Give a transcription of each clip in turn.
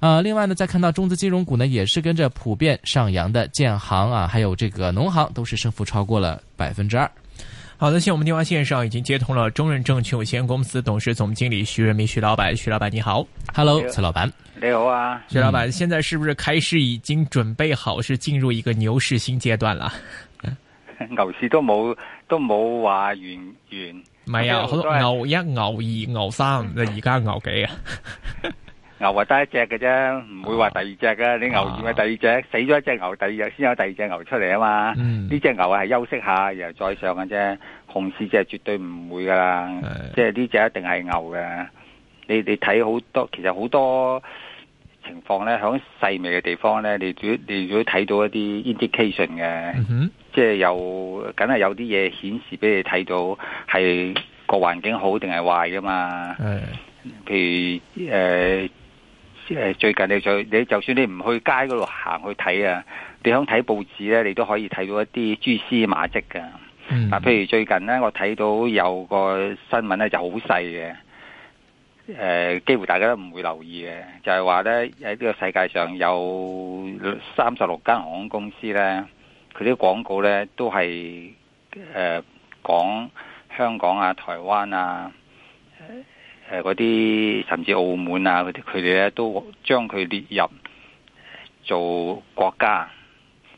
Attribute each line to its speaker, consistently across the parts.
Speaker 1: 呃、另外呢，再看到中資金融股呢，也是跟着普遍上揚的，建行啊，還有這個農行，都是升幅超過了百分之二。好的，現在我們電話線上已經接
Speaker 2: 通了中潤證券有限公司董事總經理徐潤民。徐老闆，徐老闆你好，Hello，崔老闆，
Speaker 3: 你好啊，徐老
Speaker 2: 闆，現在是不是開始已經準備好是進入一個牛市新階段了？
Speaker 3: 牛市都冇都冇話完完，唔係啊，
Speaker 2: 牛一牛二牛三，那而家牛幾啊？
Speaker 3: 牛得一隻嘅啫，唔會話第二隻噶。啊、你牛二咪第二隻，啊、死咗一隻牛，第二日先有第二隻牛出嚟啊嘛。呢隻、嗯、牛係休息下，然後再上嘅啫。熊市隻絕對唔會噶啦，是即係呢隻一定係牛嘅。你你睇好多，其實好多情況咧，響細微嘅地方咧，你主要你如果睇到一啲 indication 嘅，嗯、哼即係有梗係有啲嘢顯示俾你睇到係個環境好定係壞噶嘛。是譬如、呃誒最近你就你就算你唔去街嗰度行去睇啊，你喺睇報紙咧，你都可以睇到一啲蛛絲馬跡噶。嗱，嗯，譬如最近咧，我睇到有個新聞咧，就好細嘅，誒，幾乎大家都唔會留意嘅，就係話咧喺呢個世界上有三十六間航空公司咧，佢啲廣告咧都係誒講香港啊、台灣啊。誒嗰啲甚至澳門啊，佢哋佢哋咧都將佢列入做國家，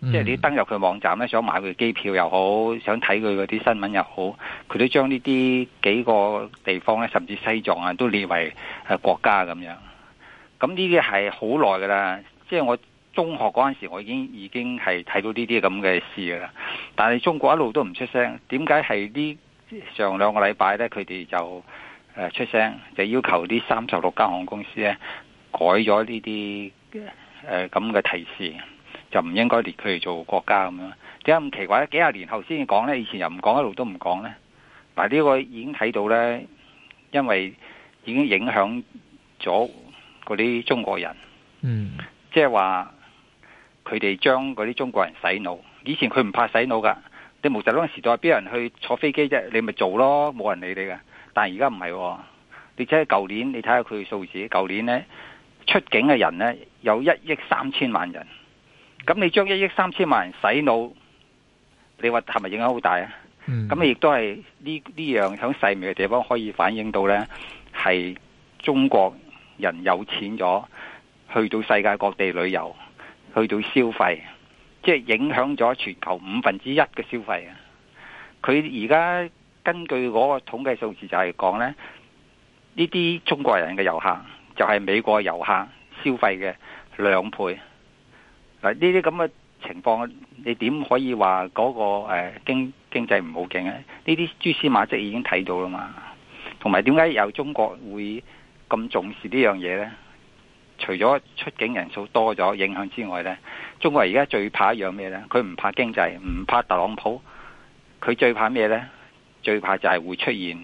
Speaker 3: 即係你登入佢網站咧，想買佢機票又好，想睇佢嗰啲新聞又好，佢都將呢啲幾個地方咧，甚至西藏啊，都列為係國家咁樣。咁呢啲係好耐噶啦，即係、就是、我中學嗰陣時，我已經已經係睇到呢啲咁嘅事噶啦。但係中國一路都唔出聲，點解係呢上兩個禮拜咧？佢哋就誒、呃，出聲就是、要求啲三十六家航空公司咧，改咗呢啲誒咁嘅提示，就唔應該列佢哋做國家咁樣。點解咁奇怪咧？幾廿年後先至講咧，以前又唔講，一路都唔講咧。但、嗱、呢個已經睇到咧，因為已經影響咗嗰啲中國人。嗯，即係話佢哋將嗰啲中國人洗腦。以前佢唔怕洗腦噶，你毛澤東時代邊人去坐飛機啫，你咪做咯，冇人理你噶。但而家唔係喎，你即係舊年你睇下佢嘅數字，舊年呢出境嘅人呢，有一億三千萬人，咁你將一億三千萬人洗腦，你話係咪影響好大啊？咁亦、嗯、都係呢呢樣喺細微嘅地方可以反映到呢，係中國人有錢咗，去到世界各地旅遊，去到消費，即係影響咗全球五分之一嘅消費啊！佢而家。根據嗰個統計數字就係講呢，呢啲中國人嘅遊客就係美國遊客消費嘅兩倍。嗱，呢啲咁嘅情況，你點可以話嗰、嗰個誒經經濟唔好勁呢？呢啲蛛絲馬跡已經睇到啦嘛。同埋，點解有中國會咁重視呢樣嘢呢？除咗出境人數多咗影響之外呢，中國人而家最怕一樣咩呢——佢唔怕經濟，唔怕特朗普，佢最怕咩呢？最怕就係會出現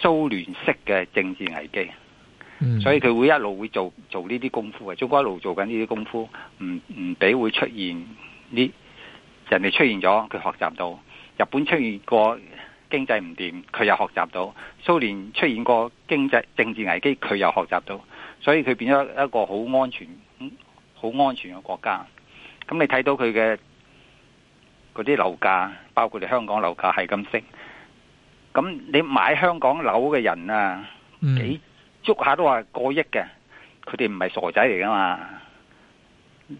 Speaker 3: 蘇聯式嘅政治危機，嗯、所以佢會一路會做做呢啲功夫嘅。中國一路做緊呢啲功夫，唔唔俾會出現呢人哋出現咗，佢學習到日本出現過經濟唔掂，佢又學習到蘇聯出現過經濟政治危機，佢又學習到，所以佢變咗一個好安全、好安全嘅國家。咁你睇到佢嘅嗰啲樓價，包括嚟香港樓價係咁升。咁你買香港樓嘅人啊，幾捉下都話過億嘅，佢哋唔係傻仔嚟噶嘛？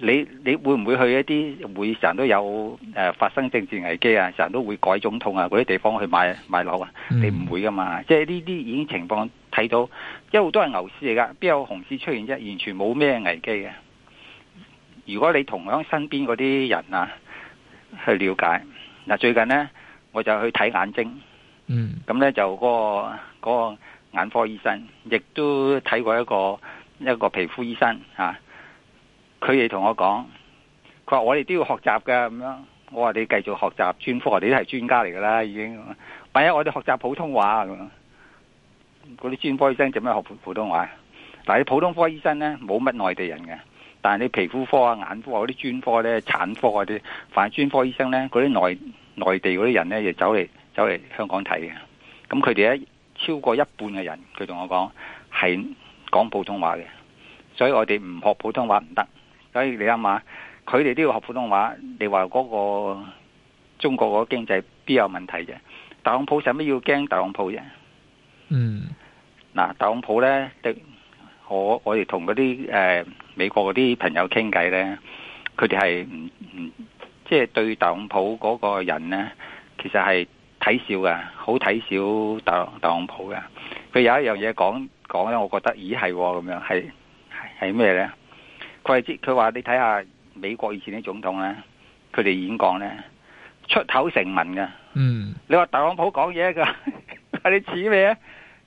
Speaker 3: 你你會唔會去一啲會成日都有誒、呃、發生政治危機啊，成日都會改總統啊嗰啲地方去買買樓啊？你唔會噶嘛？嗯、即係呢啲已經情況睇到，一路都係牛市嚟噶，邊有熊市出現啫？完全冇咩危機嘅。如果你同樣身邊嗰啲人啊，去了解嗱，最近呢，我就去睇眼睛。嗯，咁咧就嗰個嗰個眼科醫生，亦都睇過一個一個皮膚醫生啊。佢哋同我講，佢話我哋都要學習㗎咁樣。我話你繼續學習專科，你都係專家嚟噶啦，已經。萬一我哋學習普通話咁，嗰啲專科醫生點樣學普普通話？但但係你普通科醫生咧，冇乜內地人嘅。但係你皮膚科啊、眼科嗰啲專科咧、產科嗰啲，凡係專科醫生咧，嗰啲內內地嗰啲人咧，就走嚟。走嚟香港睇嘅，咁佢哋咧，超過一半嘅人，佢同我講係講普通話嘅，所以我哋唔學普通話唔得。所以你諗下，佢哋都要學普通話，你話嗰個中國嗰經濟必有問題啫？特朗普使乜要驚特朗普啫、嗯啊呃？嗯，嗱，特朗普咧，我我哋同嗰啲誒美國嗰啲朋友傾偈咧，佢哋係唔唔即係對特朗普嗰個人咧，其實係。睇笑噶，好睇笑大特朗普噶。佢有一樣嘢講講咧，說我覺得咦係咁，哦，樣，係係咩咧？佢話佢話你睇下美國以前啲總統咧，佢哋演講咧出口成文噶。嗯，你話特朗普講嘢噶，係你似咩？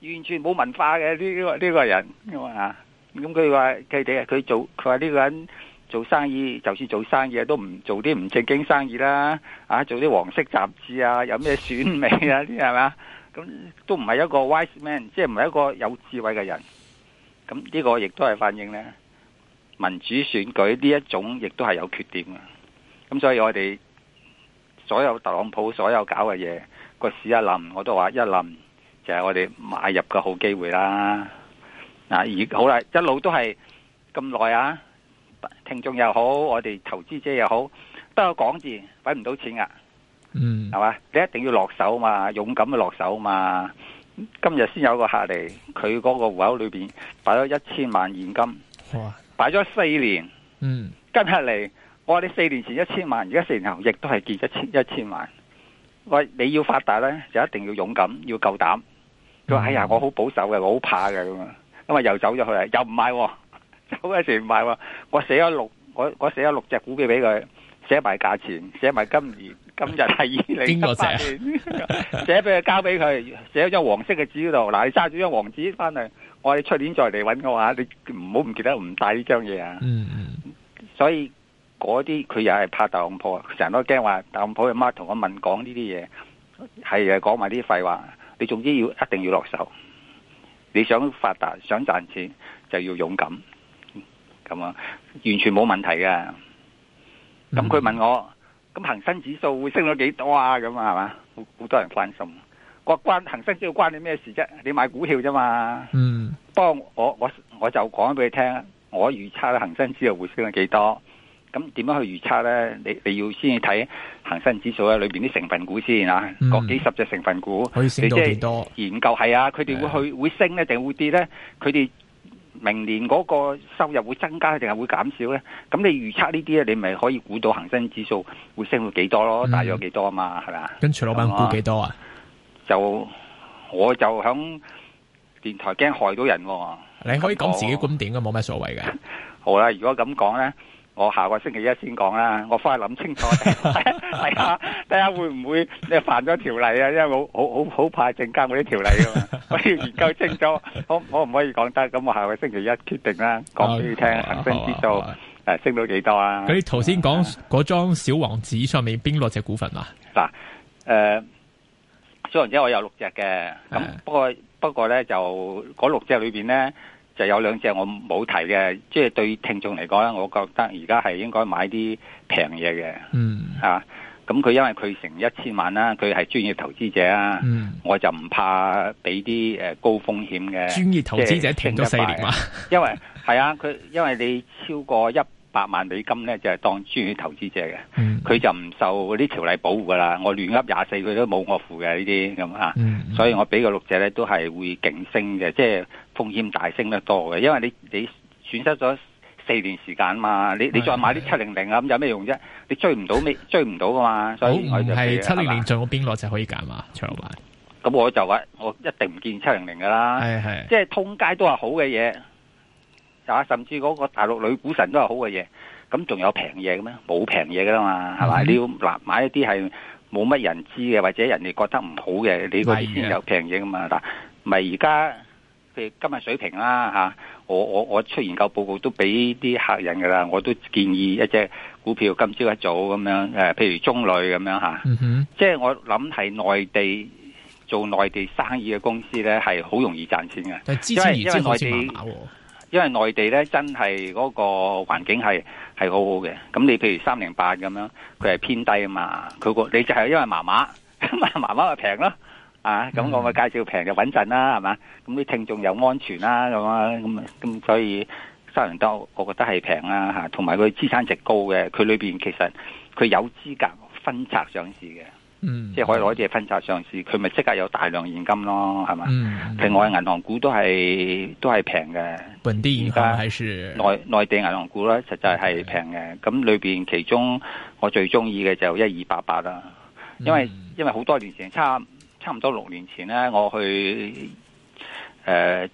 Speaker 3: 完全冇文化嘅呢個呢個人。咁啊，咁佢話佢哋啊，佢做佢話呢個人。做生意，就算做生意都唔做啲唔正經生意啦，啊，做啲黃色雜誌啊，有咩選美啊啲係咪啊，咁都唔係一個 wise man，即係唔係一個有智慧嘅人。咁呢個亦都係反映咧，民主選舉呢一種亦都係有缺點嘅。咁所以我哋所有特朗普所有搞嘅嘢，個市一冧，我都話一冧就係我哋買入嘅好機會啦。嗱而好啦，一路都係咁耐啊！聽眾又好，我哋投資者又好，都有講字，揾唔到錢㗎，嗯，係嘛？你一定要落手嘛，勇敢嘅落手嘛。今日先有個客嚟，佢嗰個戶口裏邊擺咗一千萬現金，
Speaker 2: 哇，
Speaker 3: 擺咗四年，嗯，跟下嚟，我話你四年前一千萬，而家四年後亦都係結一千一千萬。我話你要發達呢，就一定要勇敢，要夠膽。佢話、嗯：哎呀，我好保守嘅，我好怕嘅咁啊，咁啊又走咗去，又唔買喎。走嘅時唔係喎，我寫咗六我我寫咗六隻股票俾佢，寫埋價錢，寫埋今年今日係二零一八年，寫俾佢交俾佢，寫喺張黃色嘅紙嗰度。嗱，你揸住張黃紙翻嚟，我哋出年再嚟揾我嘅話，你唔好唔記得唔帶呢張嘢啊、嗯。嗯嗯。所以嗰啲佢又係怕鄧普啊，成日都驚話鄧普阿媽同我問講呢啲嘢，係啊，講埋啲廢話。你總之要一定要落手，你想發達想賺錢就要勇敢。咁啊，完全冇問題噶。咁佢問我，咁恒生指數會升咗幾多啊？咁啊，係嘛，好好多人關心。我話關恒生指數關你咩事啫？你買股票啫嘛。
Speaker 1: 嗯。
Speaker 3: 不過我我我就講俾你聽，我預測恒生指數會升咗幾多。咁點樣去預測咧？你你要先要睇恒生指數啊，裏邊啲成分股先啊，嗯、各幾十隻成分股，可以到多你即係研究係啊，佢哋會去會升咧定會跌咧，佢哋。明年嗰個收入會增加定係會減少咧？咁你預測呢啲咧，你咪可以估到恒生指數會升到幾多咯？嗯、大約幾多吖嘛啊？嘛係咪啊？
Speaker 2: 跟住老闆估幾多啊？
Speaker 3: 就我就喺電台驚害到人喎、
Speaker 2: 啊。你可以講自己觀點嘅，冇咩我所謂嘅。
Speaker 3: 好啦、啊，如果咁講咧。我下個星期一先講啦，我翻去諗清楚，
Speaker 2: 係啊
Speaker 3: 睇下會唔會你犯咗條例啊？因為好好好好怕證監嗰啲條例噶，我要研究清楚，可可唔可以講得？咁我下個星期一決定啦，講俾你聽，恒生指數，誒、啊啊啊啊、升到幾多啊？佢
Speaker 2: 頭先講嗰張小黃紙上面邊落隻股份啊？嗱、
Speaker 3: 啊，誒、呃，小黃紙我有六隻嘅，咁的不過不過咧就嗰六隻裏邊咧。就有兩隻我冇提嘅，即係對聽眾嚟講咧，我覺得而家係應該買啲平嘢嘅。嗯，咁佢、啊、因為佢成一千萬啦，佢係專業投資者啊。嗯，我就唔怕俾啲高風險嘅專業投資者停咗四年嘛。因為係啊，佢因為你超過一百萬美金咧，就係當專業投資者嘅，佢、嗯、就唔受嗰啲條例保護噶啦。我亂噏廿四，佢都冇我符嘅呢啲咁啊。嗯、所以我俾個六隻咧，都係會勁升嘅，即係。風險大升得多嘅，因為你你損失咗四年時間啊嘛，你你再買啲七零零啊，咁有咩用啫？你追唔到咩？追唔到噶嘛，所以係七零零
Speaker 2: 做邊個就可以揀嘛，長板。
Speaker 3: 咁我就話我一定唔見七零零噶啦，係係即係通街都係好嘅嘢，啊甚至嗰個大陸女股神都係好嘅嘢，咁仲有平嘢嘅咩？冇平嘢噶啦嘛，係咪？你要嗱買一啲係冇乜人知嘅，或者人哋覺得唔好嘅，你嗰啲先有平嘢噶嘛？嗱，咪而家。譬如今日水平啦嚇，我我我出研究報告都俾啲客人噶啦，我都建議一隻股票今朝一早咁樣誒，譬如中旅咁樣嚇。
Speaker 2: 嗯、
Speaker 3: 哼，即係我諗係內地做內地生意嘅公司咧，係好容易賺錢嘅。是因為因為內
Speaker 2: 地，
Speaker 3: 因為內地咧真係嗰個環境係係好好嘅。咁你譬如三零八咁樣，佢係偏低啊嘛，佢個你就係因為麻麻，咁啊麻麻就平囉。啊，咁我咪介紹平嘅穩陣啦，係嘛？咁啲聽眾又安全啦，咁啊，咁咁所以三人多，我覺得係平啦嚇。同埋佢資產值高嘅，佢裏面其實佢有資格分拆上市嘅，嗯，即係可以攞啲嘢分拆上市，佢咪即刻有大量現金咯，係嘛？嗯、另外銀行股都係都係平嘅
Speaker 2: 本地銀行，還是
Speaker 3: 內,內地銀行股咧，實在係平嘅。咁裏、嗯、面其中我最中意嘅就一二八八啦，因為、嗯、因為好多年成差。差唔多六年前咧，我去誒、呃、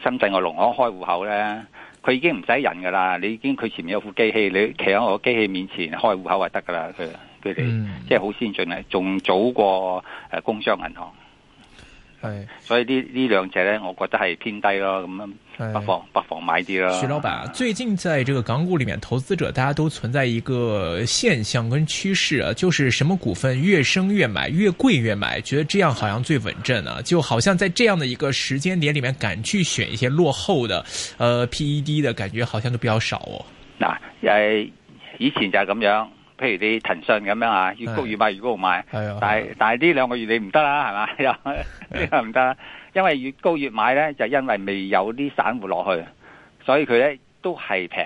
Speaker 3: 深圳嘅農行開戶口咧，佢已經唔使人噶啦，你已經佢前面有副機器，你企喺我機器面前開戶口就得噶啦。佢佢哋即係好先進啊，仲早過誒工商銀行。係，是所以呢呢兩者咧，我覺得係偏低咯，咁樣不妨，是不，妨不妨買啲啦。徐老
Speaker 1: 闆啊，
Speaker 2: 最近在這個港股裏面，投資者大家都存在一個現象跟趨勢啊，就是什麼股份越升越買，越貴越買，覺得這樣好像最穩陣啊，就好像在這樣的一個時間點裏面，敢去選一些落後的，呃 PED 的感覺好像都比較少哦、啊。嗱，
Speaker 3: 誒，以前就係咁樣。譬如你騰訊咁樣啊，越高越買，越高唔買，但係但係呢兩個月你唔得啦，係嘛？又唔得，因為越高越買咧，就因為未有啲散戶落去，所以佢咧都係平。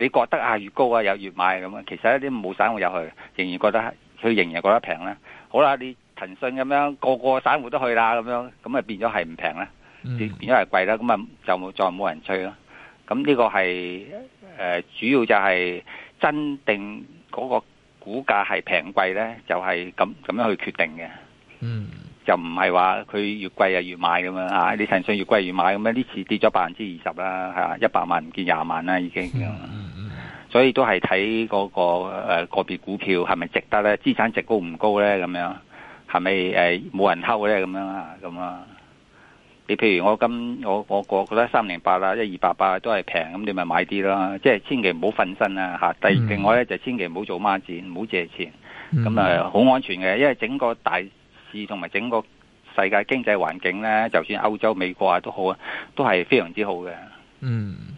Speaker 3: 你覺得啊，越高啊，又越買咁樣。其實一啲冇散戶入去，仍然覺得佢仍然覺得平咧。好啦，你騰訊咁樣個個散戶都去啦，咁樣咁啊變咗係唔平啦，變咗係貴啦。咁啊就冇再冇人吹咯。咁呢個係、呃、主要就係真定？嗰個股價係平貴呢，就係咁咁樣去決定嘅。嗯，就唔係話佢越貴啊越買咁樣啊，你騰訊越貴越買咁樣？呢、啊、次跌咗百分之二十啦，吓一百萬唔見廿萬啦，已經、啊。所以都係睇嗰個誒、啊、個別股票係咪值得呢？資產值高唔高呢？咁樣係咪誒冇人偷呢？咁樣啊？咁啊？你譬如我今我我我覺得三零八啦，一二八八都係平，咁你咪買啲囉，即係千祈唔好瞓身啦第二、mm hmm. 另外咧就千祈唔好做孖展，唔好借錢，咁啊好安全嘅，因為整個大市同埋整個世界經濟環境咧，就算歐洲、美國啊都好啊，都係非常之好嘅。嗯、
Speaker 1: mm。Hmm.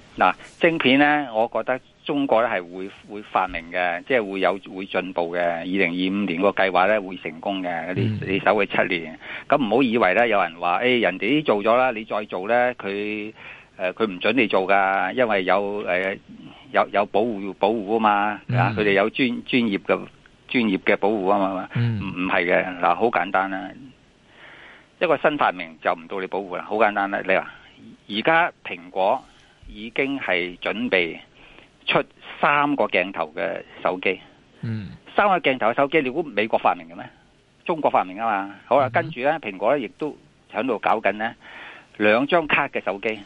Speaker 3: 嗱、啊，晶片咧，我覺得中國咧係會會發明嘅，即係會有會進步嘅。二零二五年個計劃咧會成功嘅啲，嗯、你守佢七年。咁唔好以為咧有人話，誒、哎、人哋啲做咗啦，你再做咧佢佢唔准你做噶，因為有、呃、有有保護保護啊嘛，嗯、啊佢哋有專專業嘅專業嘅保護啊嘛，唔唔係嘅嗱，好、啊、簡單啦，一個新發明就唔到你保護啦，好簡單啦，你話而家蘋果。已經係準備出三個鏡頭嘅手機，嗯，三個鏡頭嘅手機，你估美國發明嘅咩？中國發明啊嘛，好啦，嗯、跟住咧，蘋果咧亦都喺度搞緊咧，兩張卡嘅手機。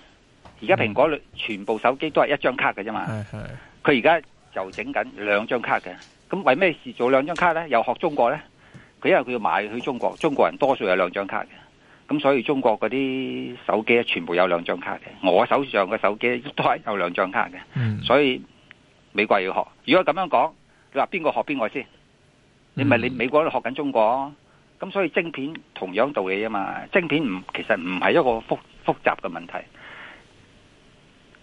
Speaker 3: 而家蘋果全部手機都係一張卡嘅啫嘛，係係、嗯。佢而家就整緊兩張卡嘅，咁為咩事做兩張卡咧？又學中國咧？佢因為佢要買去中國，中國人多數係兩張卡嘅。咁所以中國嗰啲手機咧，全部有兩張卡嘅。我手上嘅手機都係有兩張卡嘅。所以美國要學。如果咁樣講，你話邊個學邊個先？你咪你美國都學緊中國。咁所以晶片同樣道理啊嘛。晶片唔其實唔係一個複複雜嘅問題。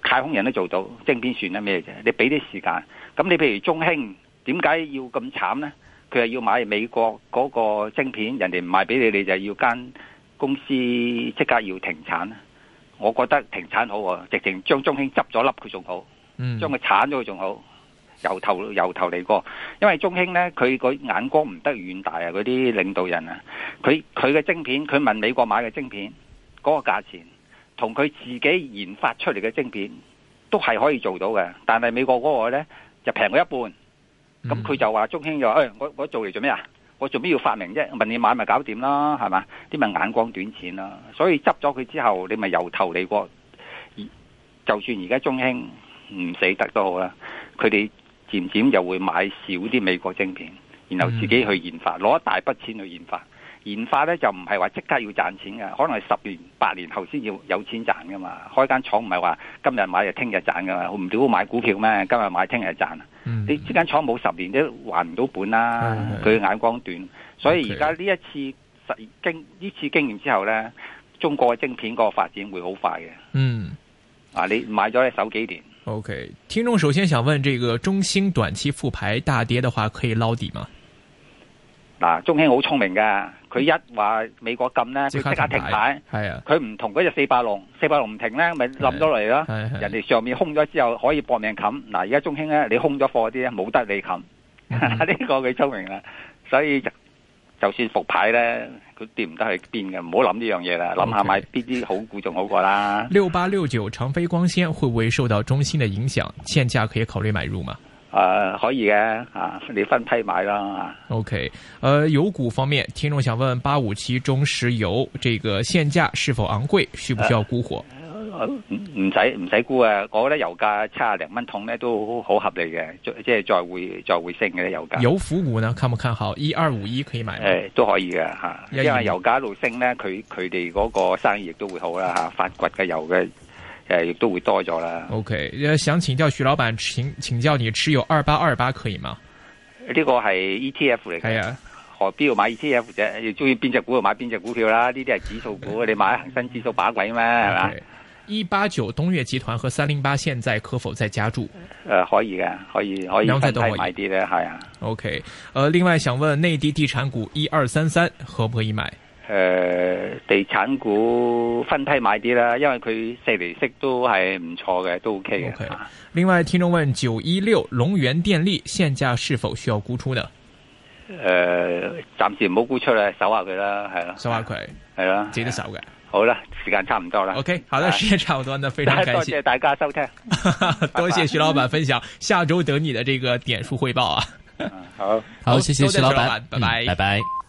Speaker 3: 太空人都做到晶片算得咩啫？你俾啲時間。咁你譬如中興，點解要咁慘咧？佢係要買美國嗰個晶片，人哋唔賣俾你，你就要跟。公司即刻要停產啊，我覺得停產好，啊，直情將中興執咗粒佢仲好，將佢剷咗佢仲好，由頭由頭嚟過。因為中興呢，佢個眼光唔得遠大啊，嗰啲領導人啊，佢佢嘅晶片，佢問美國買嘅晶片嗰個價錢，同佢自己研發出嚟嘅晶片都係可以做到嘅，但係美國嗰個咧就平佢一半，咁佢就話中興就話，哎，我我做嚟做咩啊？我做咩要發明啫？問你買咪搞掂啦，係嘛？啲咪眼光短淺啦，所以執咗佢之後，你咪由頭嚟過。就算而家中興唔死得都好啦，佢哋漸漸又會買少啲美國晶片，然後自己去研發，攞一大筆錢去研發。研發咧就唔係話即刻要賺錢嘅，可能係十年八年後先要有錢賺噶嘛。開間廠唔係話今日買就聽日賺噶嘛，唔好買股票咩？今日買聽日賺。你、嗯、間廠冇十年都還唔到本啦，佢、啊、眼光短。啊、所以而家呢一次實 okay. 經呢次經驗之後咧，中國嘅晶片個發展會好快嘅。嗯，啊你買咗你手幾年
Speaker 2: ？O、okay. K，聽眾首先想問：，這個中興短期復牌大跌的話，可以撈底嗎？
Speaker 3: 嗱，中興好聰明噶。佢一話美國禁咧，就即刻停牌。係啊，佢唔同嗰隻四百龍，四百龍唔停咧，咪冧咗嚟啦。人哋上面空咗之後可以搏命冚。嗱、啊，而家中興咧，你空咗貨啲咧，冇得你冚。呢、嗯、哼個佢聰明啦，所以就，就算復牌咧，佢跌唔得去邊嘅，唔 Okay. 好諗呢樣嘢啦。諗下買邊啲好股仲好過啦。
Speaker 2: 六八六九長飛光纖會唔會受到中興嘅影響？現價可以考慮買入嗎？
Speaker 3: 誒，uh, 可以嘅吓，uh, 你分批買啦。
Speaker 2: OK，誒、uh,，油股方面，聽眾想問八五七中石油，這個現價是否昂貴？需不需要沽貨？
Speaker 3: 唔使唔使沽啊！我覺得油價七十零蚊桶咧都好合理嘅，即係、就是、再會再會升嘅油價。
Speaker 2: 油服股呢，看唔看好？一二五一可以買的？誒，uh,
Speaker 3: 都可以嘅吓，uh, 125? 因為油價一路升咧，佢佢哋嗰個生意亦都會好啦吓、啊，發掘嘅油嘅。誒，亦都會多咗啦。
Speaker 2: OK，想請教徐老闆，請，請教你持有二八二八可以嗎？呢個
Speaker 3: 係 ETF 嚟嘅。係啊，何必買要買 ETF 啫？要中意邊隻股就買邊隻股票啦。呢啲係指數股， 你買恒生指數把
Speaker 2: 鬼咩？係咪？一八九東嶽集團和三零八現在可否再加注？
Speaker 3: 誒、呃，可以嘅，可以，可以，都可以買啲咧，係啊。
Speaker 2: OK，誒、呃，另外想問內地地產股一二三三可唔可以買？
Speaker 3: 誒，地產股分批買啲啦，因為佢四厘息都係唔錯嘅，都 OK 嘅。
Speaker 2: 另外，聽眾問九一六、龍源電力現價是否需要沽出呢？誒，
Speaker 3: 暫時唔好沽出啦，守下佢啦，係啦，守下佢，係啦，自己都守嘅。好啦，時間
Speaker 2: 差唔多啦。OK，好啦，時間差唔多，呢非常感謝大家收聽，多謝徐老闆分享，下周等你嘅呢個點數匯報啊。
Speaker 1: 好，好，謝謝徐老闆，拜拜，拜拜。